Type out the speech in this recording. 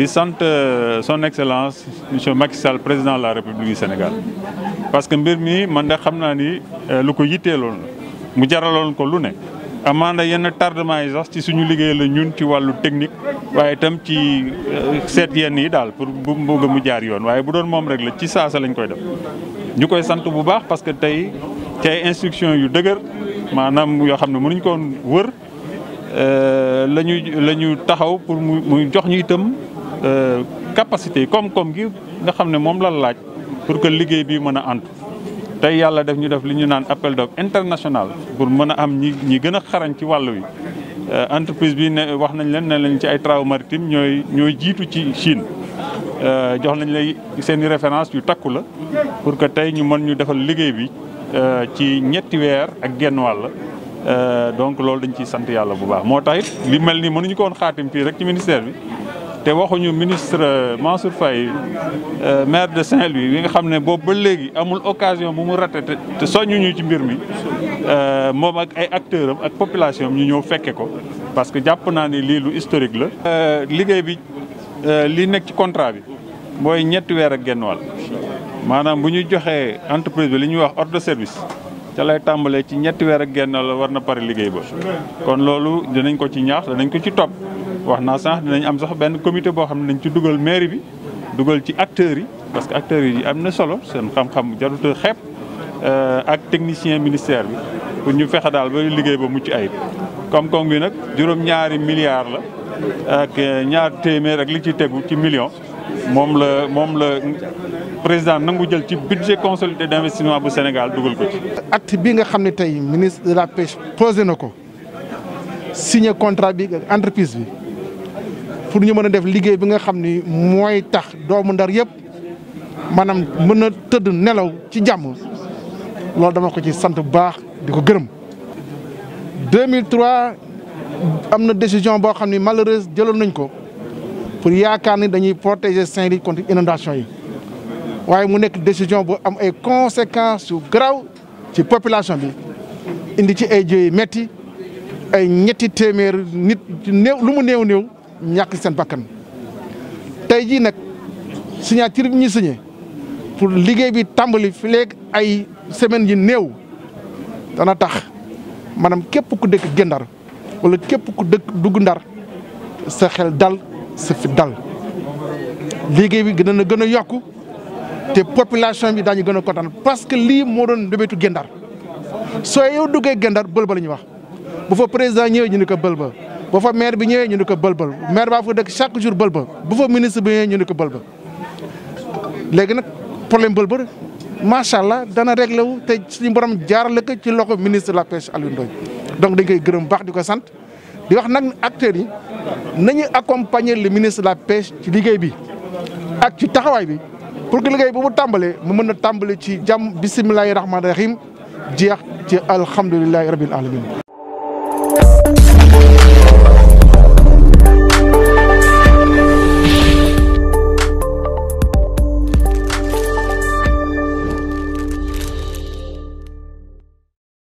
di sant euh, son excellence monsieur Macky Sall président de la république du Sénégal parce que mbir mi man de xam naa ni euh, lu ko yitteeloon la mu jaraloon ko lu ne. amaana yenn tardement yi sax ci suñu liggéey la ñun ci wàllu technique waaye itam ci euh, seet yenn yi daal pour bu bëgg mu jaar yoon waaye bu doon moom rek la ci saasa lañ koy def. ñu koy sant bu baax parce que tey ci ay instruction yu dëgër maanaam yoo xam ne mënuñ ko wër la ñu la taxaw pour mu Euh, capacité koom-koom gi nga xam ne moom la laaj pour que liggéey bi mën a ant tey yàlla def ñu def li ñu naan appel d'offre international pour mën a am ñi ñi gën a xarañ ci wàll wi. Euh, entreprise bi ne wax nañ leen ne lañ ci ay travaux maritimes ñooy ñooy jiitu ci Chine euh, jox nañ lay seen i référence yu takku la pour que tey ñu mën ñu defal liggéey bi ci ñetti weer ak genn wàll. donc loolu dañ ci sant yàlla bu baax moo tax it li mel ni mënuñu ko woon xaatim fii rek ci ministère bi. te waxuñu ministre euh, Mansour Faye euh, maire de Saint-Louis bi nga xam ne boobu ba léegi amul occasion bu mu raté te soññuñu ci mbir mi euh, moom ak ay acteurs am ak population ñu ñëw fekke ko parce que jàpp naa ni lii lu historique la. liggéey bi li nekk ci contrat bi mooy ñetti weer ak genn wal maanaam bu ñu joxee entreprise bi li ñuy wax ordre service ca lay tàmbalee ci ñetti weer ak genn wàll war na pare liggéey ba kon loolu dinañ ko ci ñaax danañ ko ci topp. wax naa sax dinañ am sax benn commité boo xam ne dañ ci dugal mairie bi dugal ci acteurs yi parce que acteurs yi am na solo seen xam-xam jaruta xeeb euh, ak technicien ministère bi pour ñu fexe daal ba liggéey ba mucc ay koom-koom bi nag juróom-ñaari milliards la ñaar téeméer ak li ci tegu ci million moom la moom la président nangu jël ci budget consolidé d'investissement bu Sénégal dugal ko ci. acte bi nga xam ne tey ministre de la pêche posé na ko signé contrat bi ak entreprise bi. pour ñu mën a def liggéey bi nga xam ni mooy tax doomu ndar yëpp maanaam mën a tëdd nelaw ci jàmm loolu dama ko ci sant bu baax di gërëm. 2003 am décision boo xam malheureuse jëloon nañ ko pour yaakaar ni dañuy protéger Saint-Louis contre inondation yi waaye mu nekk décision bu am ay conséquences yu garaaw ci population bi indi ci ay jëy metti ay ñetti téeméer nit lu mu néew néew. ñàkk seen bakkan tey jii nag signature bi ñu signé pour liggéey bi tàmbali fi léegi ay semaine yi néew dana tax maanaam képp ku dëkk Guet-Ndar wala képp ku dëkk dugg Ndar sa xel dal sa fit dal liggéey bi gën a gën a yokk te population bi daañu gën a kontaan parce que lii moo doon débétu Guet-Ndar soo yow duggee Guet-Ndar Belba la ñuy wax bu fa président ñëwee ñu ne ko Belba bu fa maire bi ñëwee ñu ni ko bëlbël maire baa fa dëkk chaque jour bëlbël bu fa ministre bi ñëwee ñu ni ko bëlbël léegi nag problème bëlbël macha allah dana réglé wu te suñu borom jaarale ko ci loxo ministre la pêche Alioune Ndoye donc dañ koy gërëm baax di ko sant di wax nag acteurs yi nañu accompagner le ministre de la pêche ci liggéey bi ak ci taxawaay bi pour que liggéey bu mu tàmbalee mu mën a tàmbale ci jàmm bisimilahi rahmaani rahim jeex ci alhamdulilahi rabil alamin